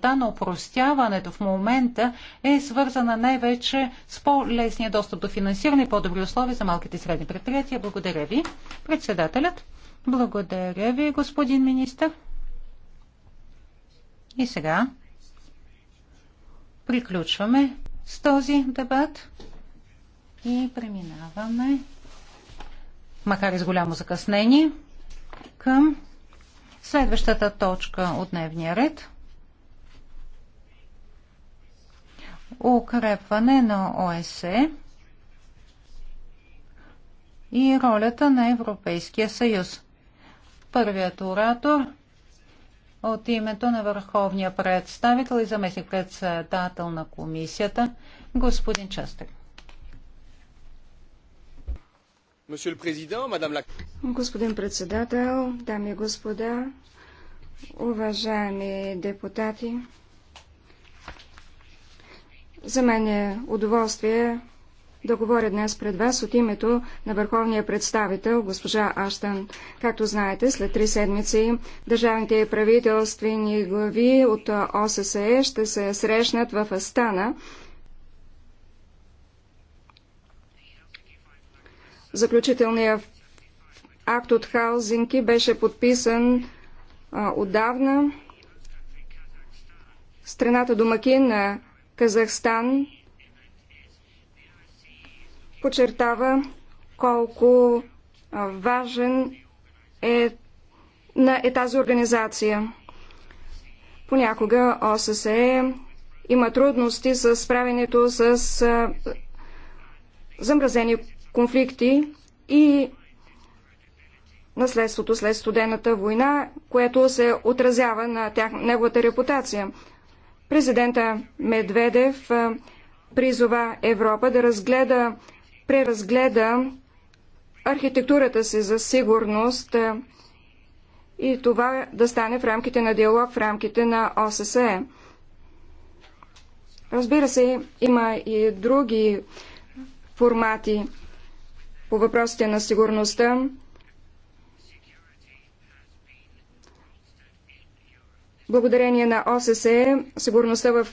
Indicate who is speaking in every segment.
Speaker 1: свобода на упростяването в момента е свързана най-вече с по-лесния достъп до финансиране и по-добри условия за малките и средни предприятия. Благодаря ви, председателят. Благодаря ви, господин министр. И сега приключваме с този дебат и преминаваме, макар и с голямо закъснение, към следващата точка от дневния ред. укрепване на ОСЕ и ролята на Европейския съюз. Първият оратор от името на върховния представител и заместник председател на комисията, господин Частък.
Speaker 2: Господин председател, дами и господа, уважаеми депутати, за мен е удоволствие да говоря днес пред вас от името на върховния представител госпожа Аштан. Както знаете, след три седмици държавните правителствени глави от ОССЕ ще се срещнат в Астана. Заключителният акт от Халзинки беше подписан а, отдавна. Страната домакин на Казахстан подчертава колко важен е, на, е тази организация. Понякога ОССЕ има трудности с справянето с замразени конфликти и наследството след студената война, което се отразява на тях, неговата репутация. Президента Медведев призова Европа да разгледа, преразгледа архитектурата си за сигурност и това да стане в рамките на диалог, в рамките на ОССЕ. Разбира се, има и други формати по въпросите на сигурността. Благодарение на ОССЕ сигурността в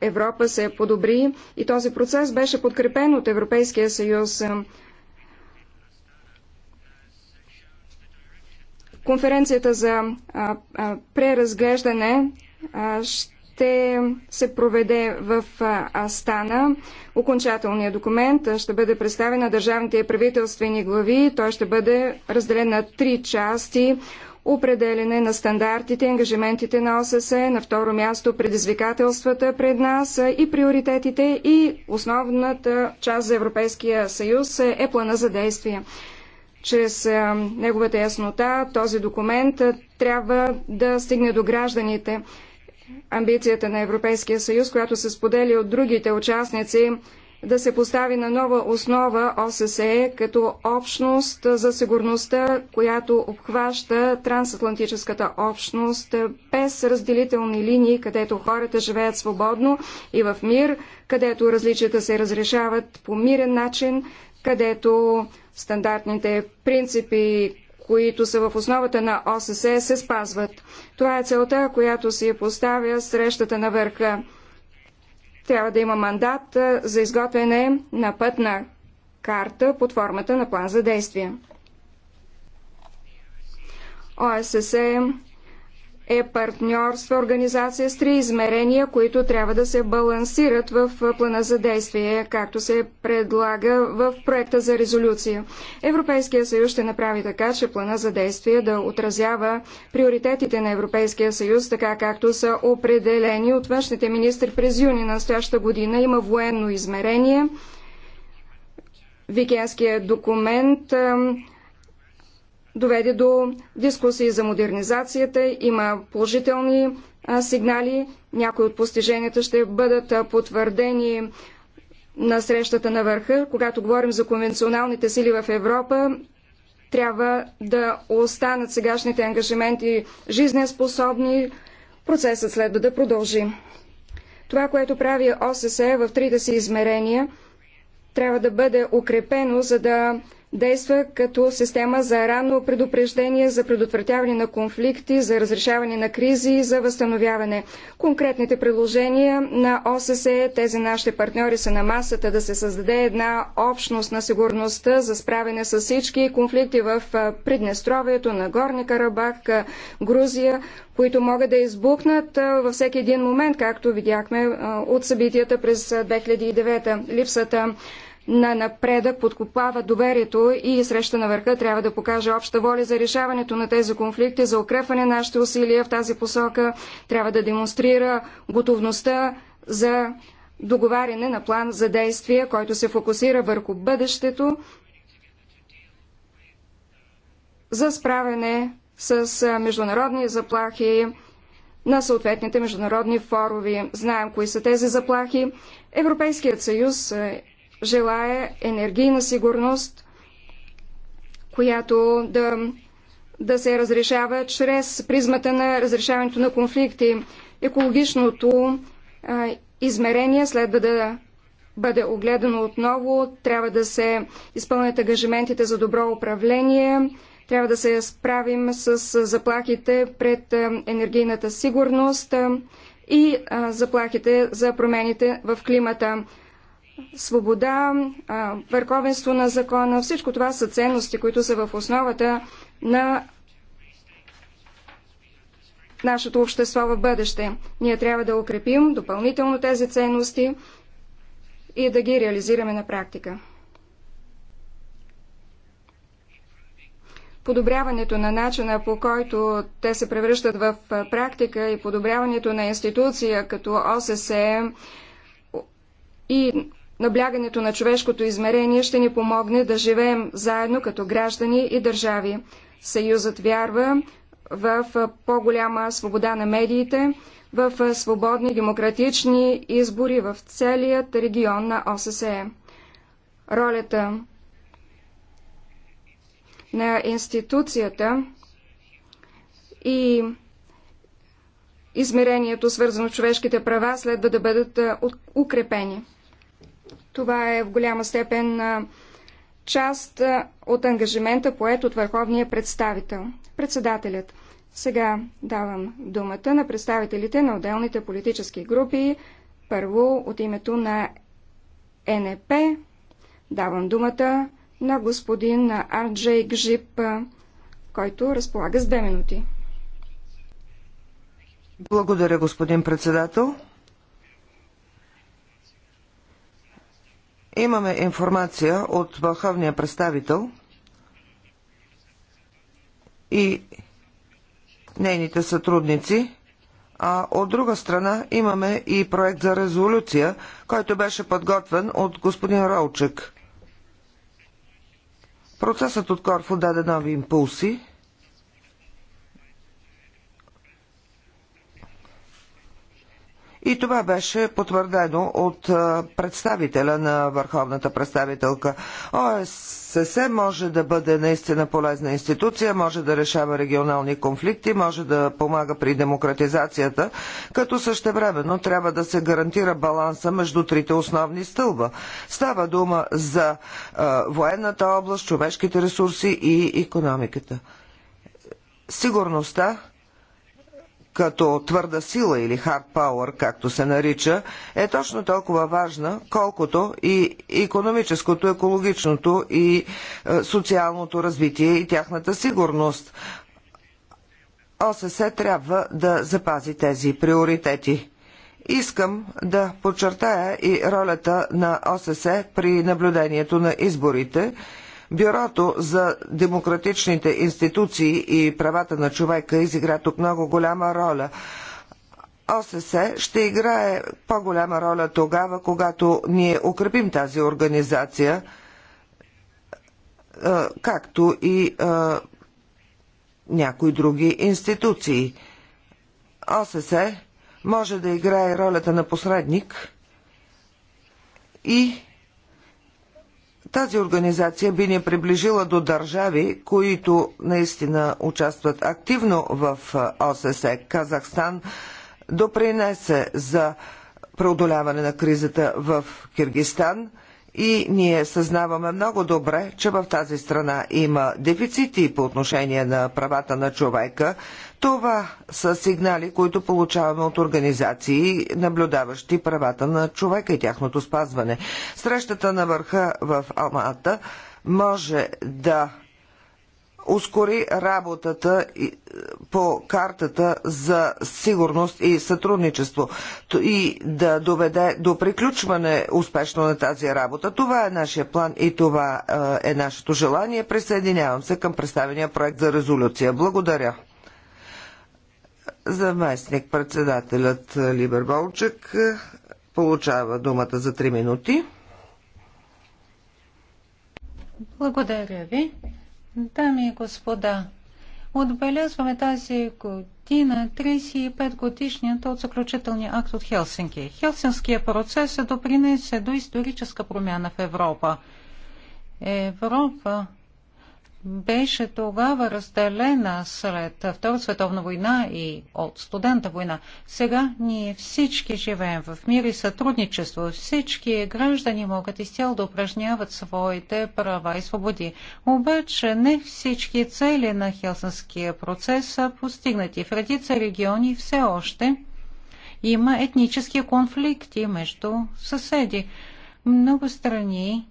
Speaker 2: Европа се подобри и този процес беше подкрепен от Европейския съюз. Конференцията за преразглеждане ще се проведе в Астана. Окончателният документ ще бъде представен на държавните и правителствени глави. Той ще бъде разделен на три части определене на стандартите, ангажиментите на ОССЕ, на второ място предизвикателствата пред нас и приоритетите и основната част за Европейския съюз е плана за действие. Чрез е, неговата яснота този документ е, трябва да стигне до гражданите. Амбицията на Европейския съюз, която се сподели от другите участници да се постави на нова основа ОССЕ като общност за сигурността, която обхваща трансатлантическата общност без разделителни линии, където хората живеят свободно и в мир, където различията се разрешават по мирен начин, където стандартните принципи, които са в основата на ОССЕ, се спазват. Това е целта, която си поставя срещата на върха трябва да има мандат за изготвяне на пътна карта под формата на план за действие. ОССЕ е партньорство организация с три измерения, които трябва да се балансират в плана за действие, както се предлага в проекта за резолюция. Европейския съюз ще направи така, че плана за действие да отразява приоритетите на Европейския съюз, така както са определени от външните министри през юни на настоящата година. Има военно измерение. Викенският документ доведе до дискусии за модернизацията, има положителни сигнали, някои от постиженията ще бъдат потвърдени на срещата на върха. Когато говорим за конвенционалните сили в Европа, трябва да останат сегашните ангажименти жизнеспособни. Процесът следва да продължи. Това, което прави ОССЕ в трите си измерения, трябва да бъде укрепено, за да действа като система за ранно предупреждение, за предотвратяване на конфликти, за разрешаване на кризи и за възстановяване. Конкретните предложения на ОССЕ, тези нашите партньори са на масата да се създаде една общност на сигурността за справяне с всички конфликти в Приднестровието, на Горни Карабах, Грузия, които могат да избухнат във всеки един момент, както видяхме от събитията през 2009. Липсата на напредък подкопава доверието и среща на върха трябва да покаже обща воля за решаването на тези конфликти, за укрепване на нашите усилия в тази посока, трябва да демонстрира готовността за договаряне на план за действие, който се фокусира върху бъдещето за справяне с международни заплахи на съответните международни форуми. Знаем кои са тези заплахи. Европейският съюз желая енергийна сигурност, която да, да се разрешава чрез призмата на разрешаването на конфликти. Екологичното а, измерение следва да бъде огледано отново, трябва да се изпълнят агажиментите за добро управление, трябва да се справим с заплахите пред енергийната сигурност и заплахите за промените в климата свобода, върховенство на закона. Всичко това са ценности, които са в основата на нашето общество в бъдеще. Ние трябва да укрепим допълнително тези ценности и да ги реализираме на практика. подобряването на начина по който те се превръщат в практика и подобряването на институция като ОССЕ и Наблягането на човешкото измерение ще ни помогне да живеем заедно като граждани и държави. Съюзът вярва в по-голяма свобода на медиите, в свободни демократични избори в целият регион на ОССЕ. Ролята на институцията и измерението, свързано с човешките права, следва да бъдат укрепени. Това е в голяма степен част от ангажимента поет от върховния представител, председателят. Сега давам думата на представителите на отделните политически групи. Първо от името на НП давам думата на господин Арджей Гжип, който разполага с две минути.
Speaker 3: Благодаря, господин председател. Имаме информация от върховния представител и нейните сътрудници, а от друга страна имаме и проект за резолюция, който беше подготвен от господин Ролчек. Процесът от Корфо даде нови импулси И това беше потвърдено от представителя на върховната представителка. ОСС може да бъде наистина полезна институция, може да решава регионални конфликти, може да помага при демократизацията, като същевременно трябва да се гарантира баланса между трите основни стълба. Става дума за военната област, човешките ресурси и економиката. Сигурността като твърда сила или hard power, както се нарича, е точно толкова важна, колкото и економическото, екологичното и е, социалното развитие и тяхната сигурност. ОССЕ трябва да запази тези приоритети. Искам да подчертая и ролята на ОССЕ при наблюдението на изборите – Бюрото за демократичните институции и правата на човека изигра тук много голяма роля. ОССЕ ще играе по-голяма роля тогава, когато ние укрепим тази организация, е, както и е, някои други институции. ОССЕ може да играе ролята на посредник и тази организация би ни приближила до държави, които наистина участват активно в ОССЕ. Казахстан допринесе за преодоляване на кризата в Киргистан и ние съзнаваме много добре, че в тази страна има дефицити по отношение на правата на човека, това са сигнали, които получаваме от организации, наблюдаващи правата на човека и тяхното спазване. Срещата на върха в Алмата може да ускори работата по картата за сигурност и сътрудничество и да доведе до приключване успешно на тази работа. Това е нашия план и това е, е нашето желание. Присъединявам се към представения проект за резолюция. Благодаря. Заместник председателят Либер Болчек е, получава думата за 3 минути.
Speaker 1: Благодаря ви. Дами и господа, отбелязваме тази година 35 годишният от заключителния акт от Хелсинки. Хелсинския процес се допринесе до историческа промяна в Европа. Европа беше тогава разделена след Втора световна война и от студента война. Сега ние всички живеем в мир и сътрудничество. Всички граждани могат изцяло да упражняват своите права и свободи. Обаче не всички цели на Хелсинския процес са постигнати. В редица региони все още има етнически конфликти между съседи. Много страни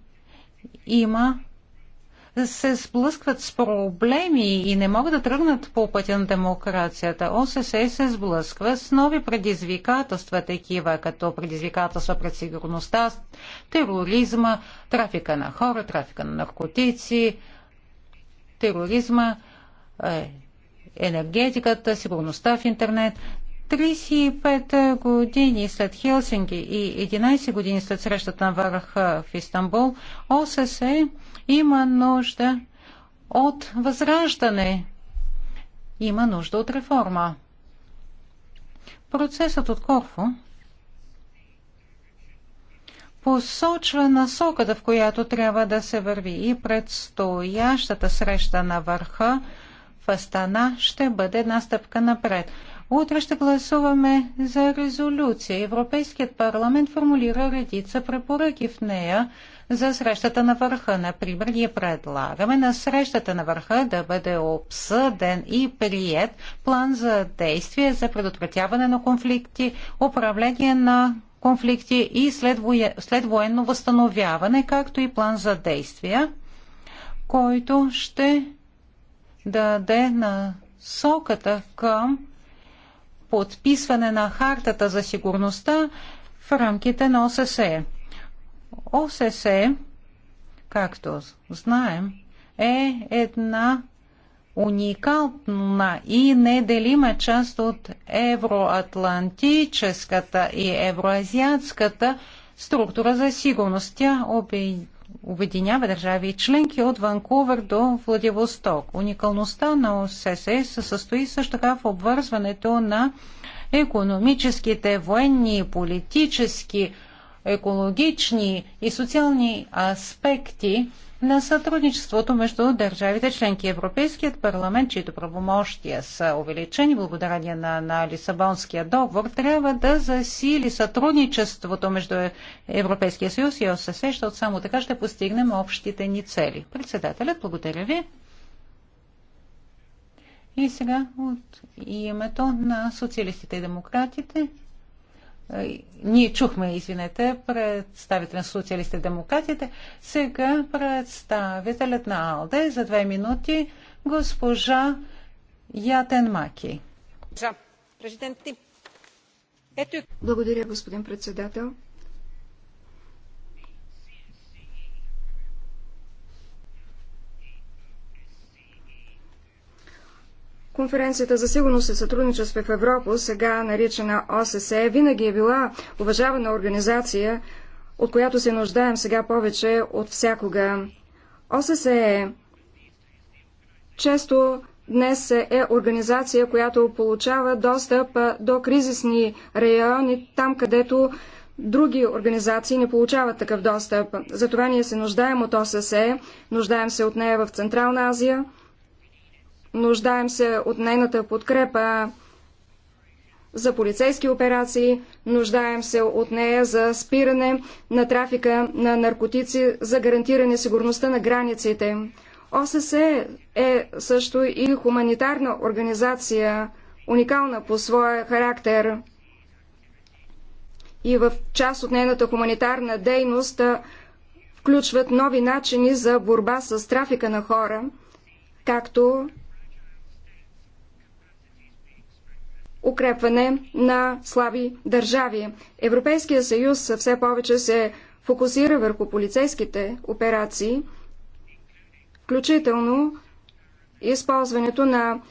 Speaker 1: има се сблъскват с проблеми и не могат да тръгнат по пътя на демокрацията. ОССЕ се сблъсква с нови предизвикателства, такива като предизвикателства пред сигурността, тероризма, трафика на хора, трафика на наркотици, тероризма, е, енергетиката, сигурността в интернет. 35 години след Хелсинки и 11 години след срещата на върха в Истанбул, ОССЕ има нужда от възраждане. Има нужда от реформа. Процесът от Корфо посочва насоката, в която трябва да се върви. И предстоящата среща на върха в Астана ще бъде една стъпка напред. Утре ще гласуваме за резолюция. Европейският парламент формулира редица препоръки в нея за срещата на върха. Например, ние предлагаме на срещата на върха да бъде обсъден и прият план за действие за предотвратяване на конфликти, управление на конфликти и следвоенно възстановяване, както и план за действия, който ще даде насоката към подписване на хартата за сигурността в рамките на ОССЕ. ОССЕ, както знаем, е една уникална и неделима част от евроатлантическата и евроазиатската структура за сигурност. Тя обединява държави и членки от Ванкувър до Владивосток. Уникалността на ОССЕ се състои също така в обвързването на економическите, военни, политически, екологични и социални аспекти на сътрудничеството между държавите членки. Европейският парламент, чието правомощия са увеличени благодарение на, на Лисабонския договор, трябва да засили сътрудничеството между Европейския съюз и ОССЕ, защото само така ще постигнем общите ни цели. Председателят, благодаря ви. И сега от името на социалистите и демократите е, ние чухме, извинете, представител на социалистите демократите. Сега представителят на АЛДЕ за две минути госпожа Ятен Маки.
Speaker 2: Благодаря, господин председател. Конференцията за сигурност и сътрудничество в Европа, сега наричана ОССЕ, винаги е била уважавана организация, от която се нуждаем сега повече от всякога. ОССЕ често днес е организация, която получава достъп до кризисни райони, там където други организации не получават такъв достъп. Затова ние се нуждаем от ОССЕ, нуждаем се от нея в Централна Азия – Нуждаем се от нейната подкрепа за полицейски операции, нуждаем се от нея за спиране на трафика на наркотици, за гарантиране сигурността на границите. ОССЕ е също и хуманитарна организация, уникална по своя характер. И в част от нейната хуманитарна дейност включват нови начини за борба с трафика на хора, както укрепване на слаби държави. Европейския съюз все повече се фокусира върху полицейските операции, включително използването на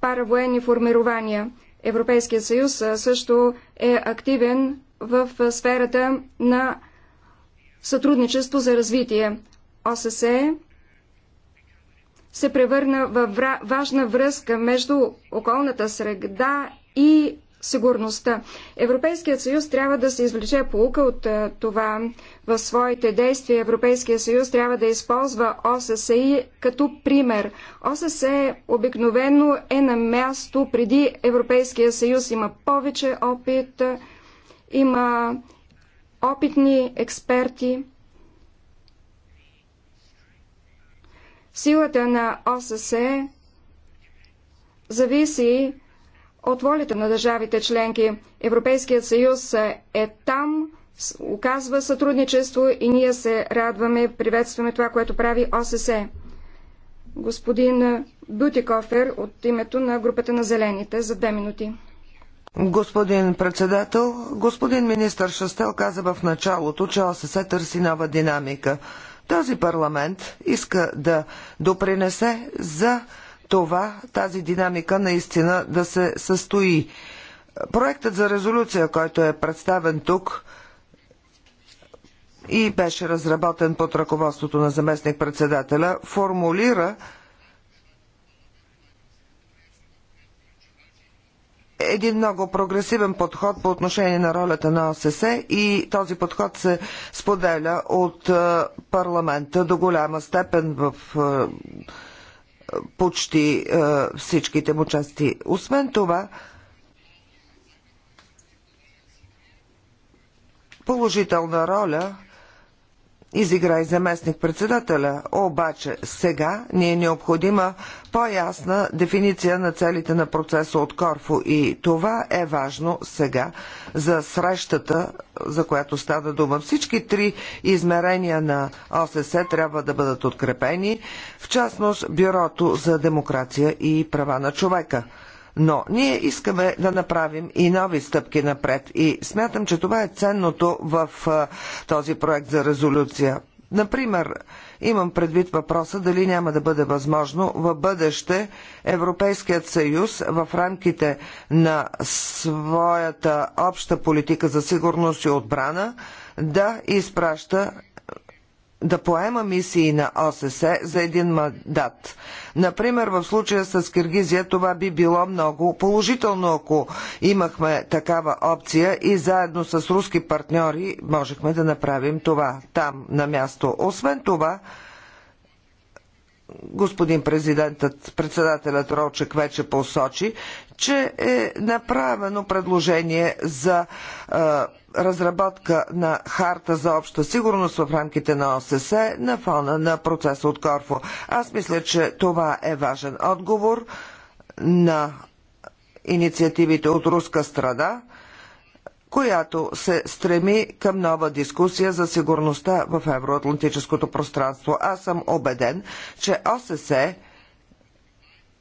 Speaker 2: паравоенни формирования. Европейския съюз също е активен в сферата на сътрудничество за развитие. ОССЕ се превърна в важна връзка между околната среда и сигурността. Европейският съюз трябва да се извлече полука от е, това. В своите действия Европейският съюз трябва да използва ОССЕ като пример. ОССЕ обикновено е на място преди Европейския съюз. Има повече опит, е, има опитни експерти. Силата на ОССЕ зависи от волята на държавите членки. Европейският съюз е там, оказва сътрудничество и ние се радваме, приветстваме това, което прави ОССЕ. Господин Бютикофер от името на групата на Зелените за две минути.
Speaker 3: Господин председател, господин министър Шастел каза в началото, че ОССЕ търси нова динамика. Този парламент иска да допринесе за това, тази динамика наистина да се състои. Проектът за резолюция, който е представен тук, и беше разработен под ръководството на заместник-председателя, формулира един много прогресивен подход по отношение на ролята на ОССЕ и този подход се споделя от е, парламента до голяма степен в е, почти е, всичките му части. Освен това, положителна роля – изигра и заместник-председателя, обаче сега ни е необходима по-ясна дефиниция на целите на процеса от Корфо и това е важно сега за срещата, за която стада дума. Всички три измерения на ОССЕ трябва да бъдат открепени, в частност Бюрото за демокрация и права на човека. Но ние искаме да направим и нови стъпки напред и смятам, че това е ценното в този проект за резолюция. Например, имам предвид въпроса дали няма да бъде възможно в бъдеще Европейският съюз в рамките на своята обща политика за сигурност и отбрана да изпраща да поема мисии на ОССЕ за един мандат. Например, в случая с Киргизия това би било много положително, ако имахме такава опция и заедно с руски партньори можехме да направим това там на място. Освен това, господин президентът, председателят Рочек вече посочи, че е направено предложение за е, разработка на харта за обща сигурност в рамките на ОССЕ на фона на процеса от Корфо. Аз мисля, че това е важен отговор на инициативите от руска страна, която се стреми към нова дискусия за сигурността в евроатлантическото пространство. Аз съм убеден, че ОССЕ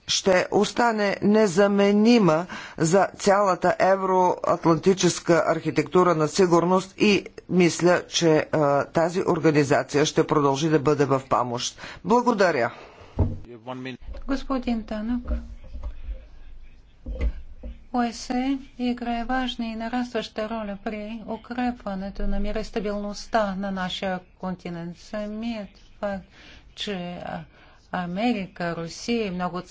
Speaker 3: ще остане незаменима за цялата евроатлантическа архитектура на сигурност и мисля, че а, тази организация ще продължи да бъде в помощ. Благодаря.
Speaker 1: Господин Танок, ОСЕ играе важна и нарастваща роля при укрепването на мира и стабилността на нашия континент. Самият факт, че Америка, Русия и много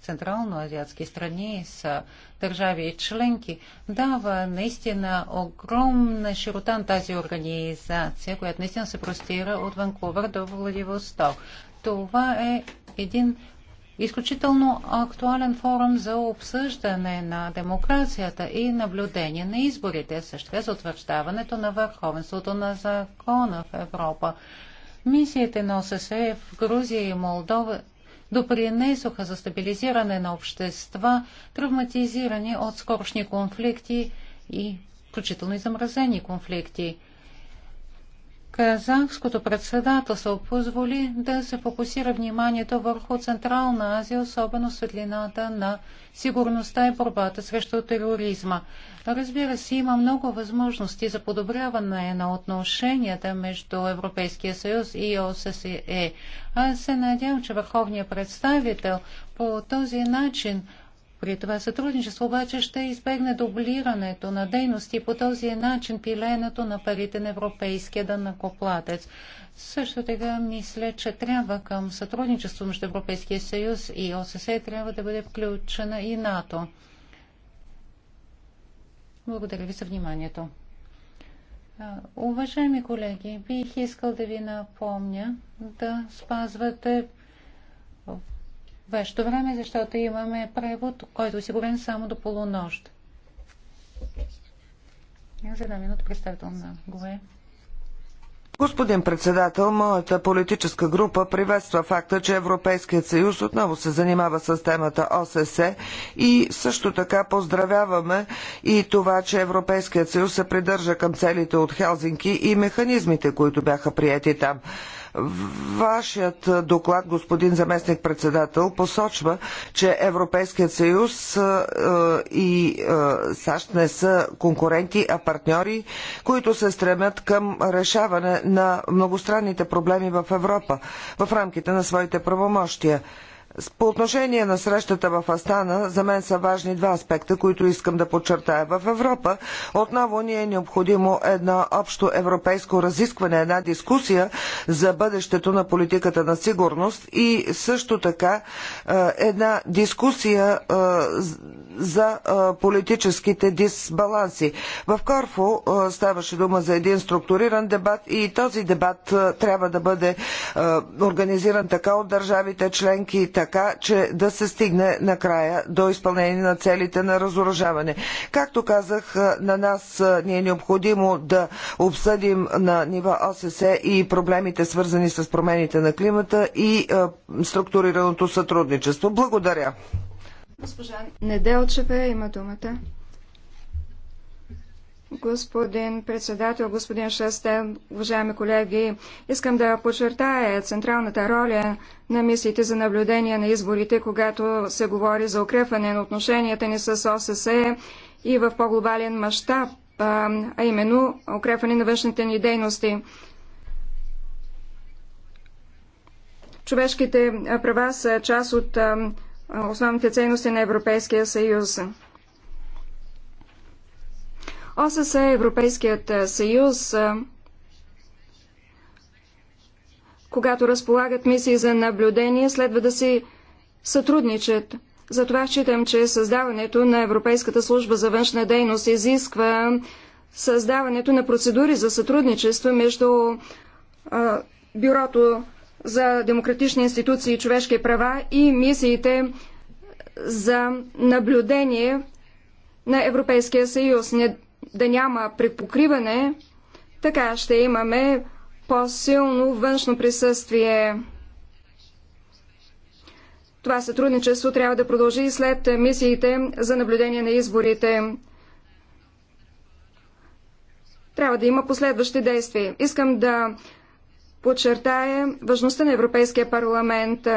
Speaker 1: централно-азиатски страни са държави и членки, дава наистина огромна широта на тази организация, която наистина се простира от Ванкувър до Владивосток. Това е един изключително актуален форум за обсъждане на демокрацията и наблюдение на изборите, също за утвърждаването на върховенството на закона в Европа. Мисиите на ОССЕ в Грузия и Молдова допринесоха за стабилизиране на общества, травматизирани от скорошни конфликти и включително и замразени конфликти. Казахското председателство позволи да се фокусира вниманието върху Централна Азия, особено светлината на сигурността и борбата срещу тероризма. Разбира се, има много възможности за подобряване на отношенията между Европейския съюз и ОССЕ. Аз се надявам, че върховният представител по този начин при това сътрудничество обаче ще избегне дублирането на дейности и по този начин пиленето е на парите на европейския Коплатец. Също така мисля, че трябва към сътрудничество между Европейския съюз и ОССЕ трябва да бъде включена и НАТО. Благодаря ви за вниманието. Уважаеми колеги, бих искал да ви напомня да спазвате вашето време, защото имаме превод, който е осигурен само до полунощ. За една минута представител на ГОЕ.
Speaker 3: Господин председател, моята политическа група приветства факта, че Европейският съюз отново се занимава с темата ОССЕ и също така поздравяваме и това, че Европейският съюз се придържа към целите от Хелзинки и механизмите, които бяха приети там. Вашият доклад, господин заместник председател, посочва, че Европейският съюз и САЩ не са конкуренти, а партньори, които се стремят към решаване на многостранните проблеми в Европа в рамките на своите правомощия. По отношение на срещата в Астана, за мен са важни два аспекта, които искам да подчертая. В Европа отново ни е необходимо едно общо европейско разискване, една дискусия за бъдещето на политиката на сигурност и също така е, една дискусия е, за е, политическите дисбаланси. В Корфу ставаше дума за един структуриран дебат и този дебат трябва да бъде организиран така от държавите членки, така така че да се стигне накрая до изпълнение на целите на разоръжаване. Както казах, на нас ни е необходимо да обсъдим на нива ОССЕ и проблемите свързани с промените на климата и структурираното сътрудничество. Благодаря.
Speaker 2: Госпожа Неделчева има думата. Господин председател, господин Шесте, уважаеми колеги, искам да подчертая централната роля на мисиите за наблюдение на изборите, когато се говори за укрепване на отношенията ни с ОССЕ и в по-глобален мащаб, а именно укрепване на външните ни дейности. Човешките права са част от основните ценности на Европейския съюз. ОСС, Европейският съюз, когато разполагат мисии за наблюдение, следва да си сътрудничат. Затова считам, че създаването на Европейската служба за външна дейност изисква създаването на процедури за сътрудничество между а, Бюрото за демократични институции и човешки права и мисиите за наблюдение на Европейския съюз да няма препокриване, така ще имаме по-силно външно присъствие. Това сътрудничество трябва да продължи и след мисиите за наблюдение на изборите. Трябва да има последващи действия. Искам да подчертая важността на Европейския парламент.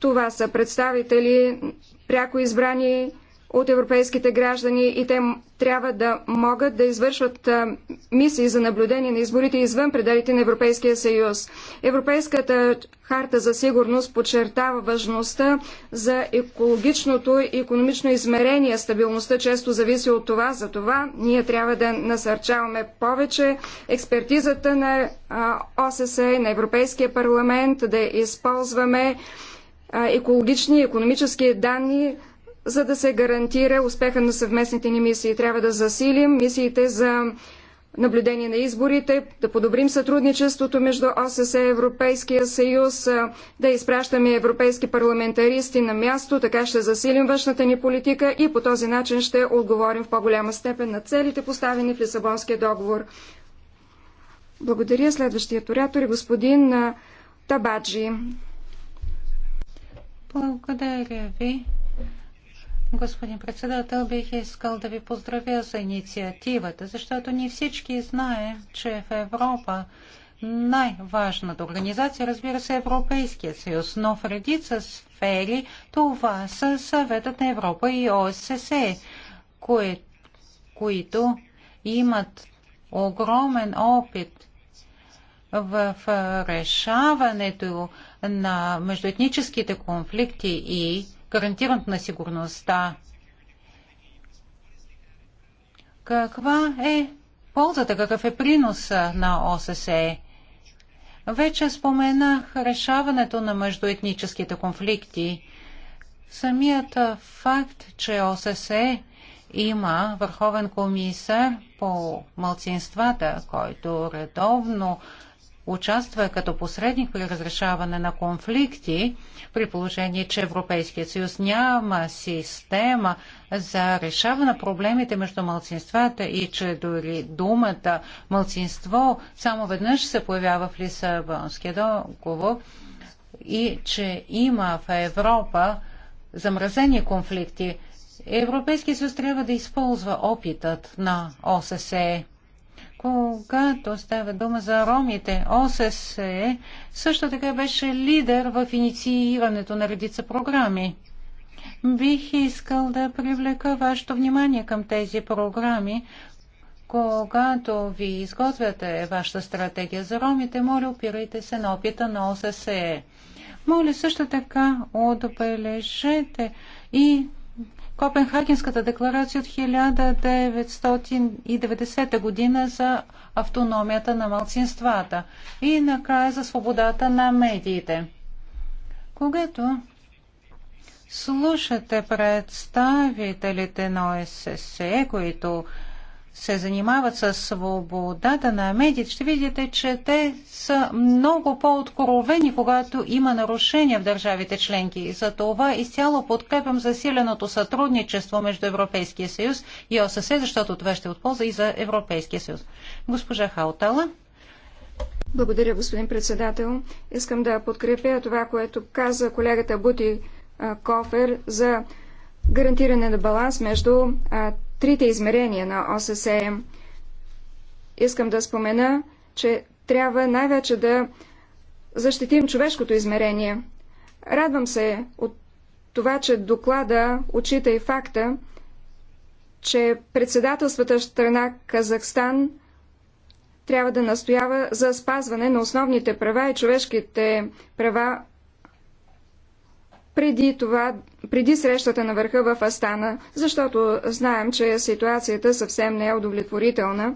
Speaker 2: Това са представители, пряко избрани от европейските граждани и те трябва да могат да извършват мисии за наблюдение на изборите извън пределите на Европейския съюз. Европейската харта за сигурност подчертава важността за екологичното и економично измерение. Стабилността често зависи от това. За това ние трябва да насърчаваме повече експертизата на ОССЕ, на Европейския парламент, да използваме екологични и економически данни за да се гарантира успеха на съвместните ни мисии. Трябва да засилим мисиите за наблюдение на изборите, да подобрим сътрудничеството между ОССЕ и Европейския съюз, да изпращаме европейски парламентаристи на място, така ще засилим външната ни политика и по този начин ще отговорим в по-голяма степен на целите поставени в Лисабонския договор. Благодаря. Следващият оратор е господин Табаджи.
Speaker 1: Благодаря ви. Господин председател, бих искал да ви поздравя за инициативата, защото ние всички знаем, че в Европа най-важната организация, разбира се, е Европейския съюз, но в редица сфери това са Съветът на Европа и ОССЕ, кои, които имат огромен опит в решаването на междуетническите конфликти и гарантирането на сигурността. Каква е ползата, какъв е приноса на ОССЕ? Вече споменах решаването на междуетническите конфликти. Самият факт, че ОССЕ има върховен комисар по мълцинствата, който редовно участва като посредник при разрешаване на конфликти, при положение, че Европейският съюз няма система за решаване на проблемите между мълцинствата и че дори думата мълцинство само веднъж се появява в Лисабонския договор и че има в Европа замразени конфликти. Европейския съюз трябва да използва опитът на ОССЕ когато става дума за ромите, ОССЕ също така беше лидер в инициирането на редица програми. Бих искал да привлека вашето внимание към тези програми. Когато ви изготвяте вашата стратегия за ромите, моля, опирайте се на опита на ОССЕ. Моля също така отбележете и Копенхагенската декларация от 1990 година за автономията на малцинствата и накрая за свободата на медиите. Когато слушате представителите на ОССЕ, които се занимават с свободата на медиите, ще видите, че те са много по-откровени, когато има нарушения в държавите членки. За това изцяло подкрепям засиленото сътрудничество между Европейския съюз и ОССЕ, защото това ще е от полза и за Европейския съюз. Госпожа Хаутала.
Speaker 2: Благодаря, господин председател. Искам да подкрепя това, което каза колегата Бути Кофер за гарантиране на баланс между трите измерения на ОССЕ. Искам да спомена, че трябва най-вече да защитим човешкото измерение. Радвам се от това, че доклада отчита и факта, че председателствата страна Казахстан трябва да настоява за спазване на основните права и човешките права преди, това, преди срещата на върха в Астана, защото знаем, че ситуацията съвсем не е удовлетворителна.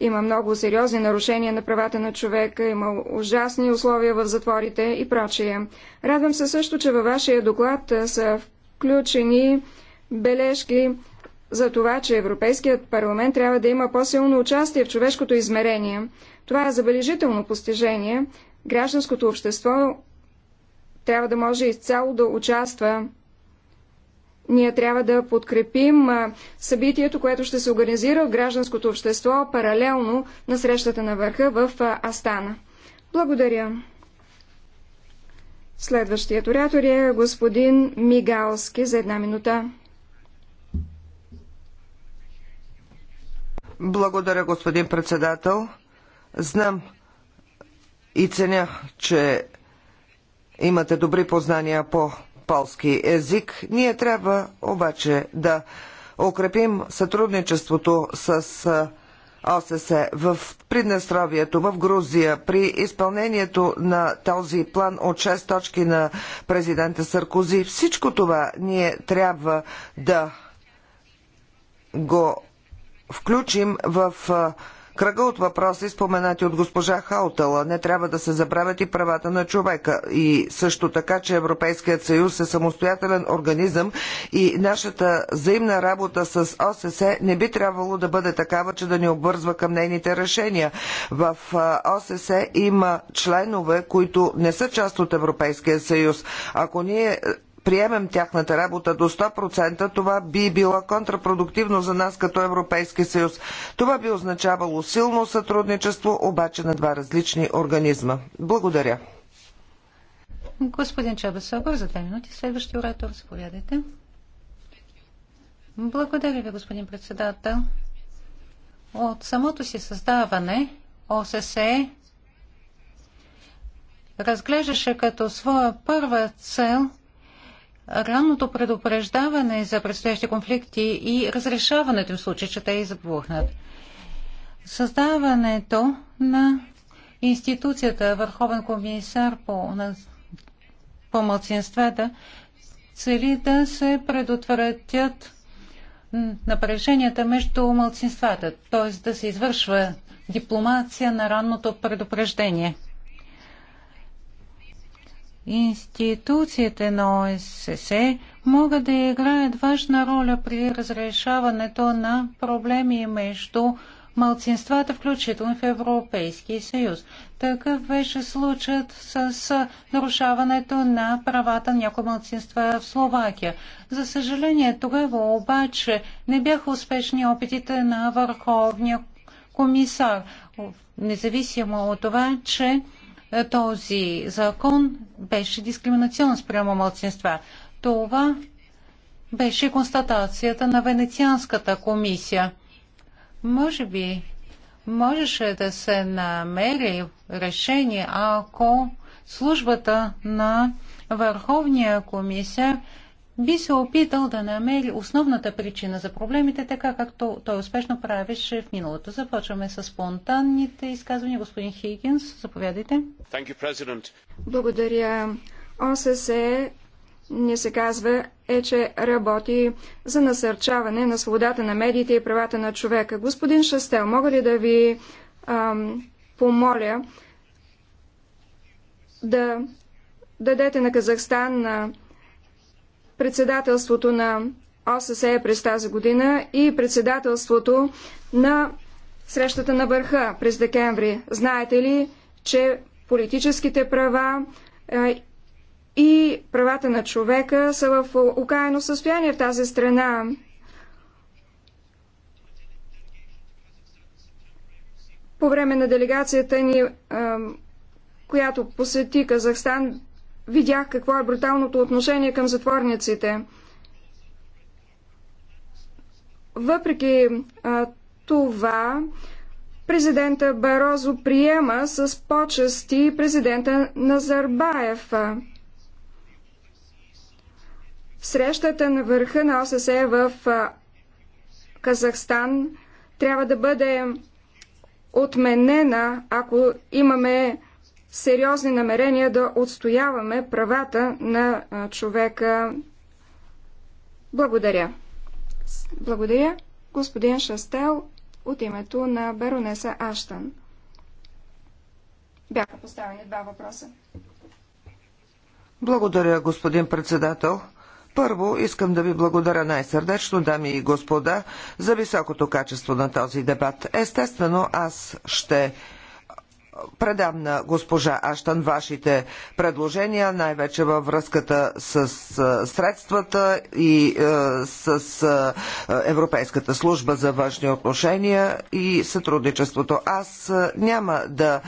Speaker 2: Има много сериозни нарушения на правата на човека, има ужасни условия в затворите и прочие. Радвам се също, че във вашия доклад са включени бележки за това, че Европейският парламент трябва да има по-силно участие в човешкото измерение. Това е забележително постижение. Гражданското общество трябва да може изцяло да участва. Ние трябва да подкрепим събитието, което ще се организира от гражданското общество паралелно на срещата на върха в Астана. Благодаря. Следващият оратор е господин Мигалски за една минута.
Speaker 3: Благодаря, господин председател. Знам и ценя, че имате добри познания по полски език. Ние трябва обаче да укрепим сътрудничеството с ОССЕ в Приднестровието, в Грузия, при изпълнението на този план от 6 точки на президента Саркози. Всичко това ние трябва да го включим в кръга от въпроси, споменати от госпожа Хаутала, не трябва да се забравят и правата на човека. И също така, че Европейският съюз е самостоятелен организъм и нашата взаимна работа с ОССЕ не би трябвало да бъде такава, че да ни обвързва към нейните решения. В ОССЕ има членове, които не са част от Европейския съюз. Ако ние приемем тяхната работа до 100%, това би било контрапродуктивно за нас като Европейски съюз. Това би означавало силно сътрудничество, обаче на два различни организма. Благодаря.
Speaker 1: Господин Чабасогов, за две минути следващия оратор, заповядайте. Благодаря ви, господин председател. От самото си създаване ОССЕ разглеждаше като своя първа цел – ранното предупреждаване за предстоящи конфликти и разрешаването в случай, че те избухнат. Създаването на институцията Върховен комисар по, на, по младсинствата цели да се предотвратят напреженията между младсинствата, т.е. да се извършва дипломация на ранното предупреждение – Институциите на ОССЕ могат да играят важна роля при разрешаването на проблеми между малцинствата, включително в Европейския съюз. Такъв беше случаят с нарушаването на правата на някои малцинства в Словакия. За съжаление, тогава обаче не бяха успешни опитите на Върховния комисар, независимо от това, че този закон беше дискриминационен спрямо младсинства. Това беше констатацията на Венецианската комисия. Може би можеше да се намери решение, ако службата на Върховния комисия би се опитал да намери основната причина за проблемите, така както той успешно правеше в миналото. Започваме с спонтанните изказвания. Господин Хигинс, заповядайте.
Speaker 2: You, Благодаря. ОССЕ не се казва е, че работи за насърчаване на свободата на медиите и правата на човека. Господин Шастел, мога ли да ви ам, помоля да дадете на Казахстан на председателството на ОССЕ през тази година и председателството на срещата на върха през декември. Знаете ли, че политическите права е, и правата на човека са в окаяно състояние в тази страна. По време на делегацията ни, е, която посети Казахстан, видях какво е бруталното отношение към затворниците. Въпреки а, това, президента Барозо приема с почести президента Назарбаев. Срещата на върха на ОССЕ в Казахстан трябва да бъде отменена, ако имаме сериозни намерения да отстояваме правата на човека. Благодаря. Благодаря, господин Шастел, от името на Беронеса Аштан. Бяха поставени два въпроса.
Speaker 3: Благодаря, господин председател. Първо, искам да ви благодаря най-сърдечно, дами и господа, за високото качество на този дебат. Естествено, аз ще предам на госпожа Аштан вашите предложения, най-вече във връзката с средствата и с Европейската служба за външни отношения и сътрудничеството. Аз няма да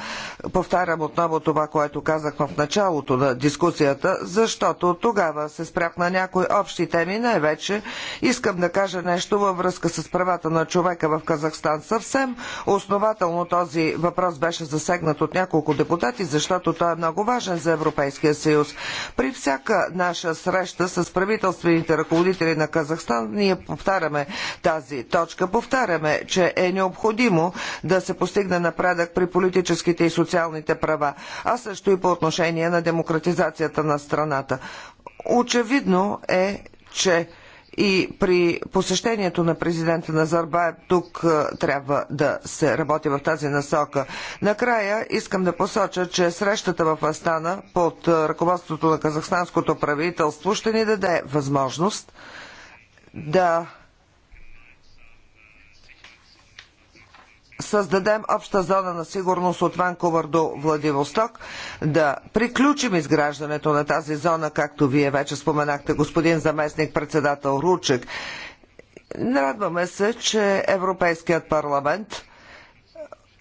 Speaker 3: повтарям отново това, което казах в началото на дискусията, защото тогава се спрях на някои общи теми. Най-вече искам да кажа нещо във връзка с правата на човека в Казахстан. Съвсем основателно този въпрос беше за засегнат от няколко депутати, защото той е много важен за Европейския съюз. При всяка наша среща с правителствените ръководители на Казахстан ние повтаряме тази точка. Повтаряме, че е необходимо да се постигне напредък при политическите и социалните права, а също и по отношение на демократизацията на страната. Очевидно е, че и при посещението на президента Назарбаев тук е, трябва да се работи в тази насока. Накрая искам да посоча, че срещата в Астана под е, ръководството на казахстанското правителство ще ни даде възможност да създадем обща зона на сигурност от Ванкувър до Владивосток да приключим изграждането на тази зона, както вие вече споменахте, господин заместник председател Ручек. Радваме се, че Европейският парламент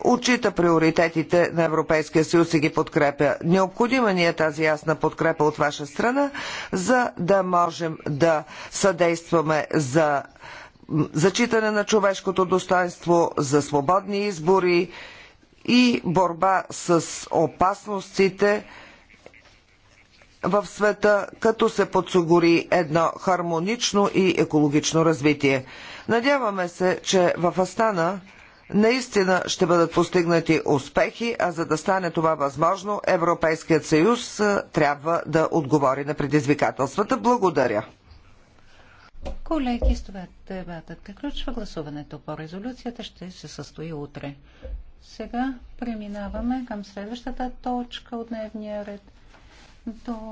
Speaker 3: отчита приоритетите на Европейския съюз и ги подкрепя. Необходима ни е тази ясна подкрепа от ваша страна, за да можем да съдействаме за зачитане на човешкото достоинство, за свободни избори, и борба с опасностите в света, като се подсигури едно хармонично и екологично развитие. Надяваме се, че в Астана наистина ще бъдат постигнати успехи, а за да стане това възможно, Европейският съюз трябва да отговори на предизвикателствата. Благодаря.
Speaker 1: Колеги, с това дебатът приключва. Гласуването по резолюцията ще се състои утре. Сега преминаваме към следващата точка от дневния ред. До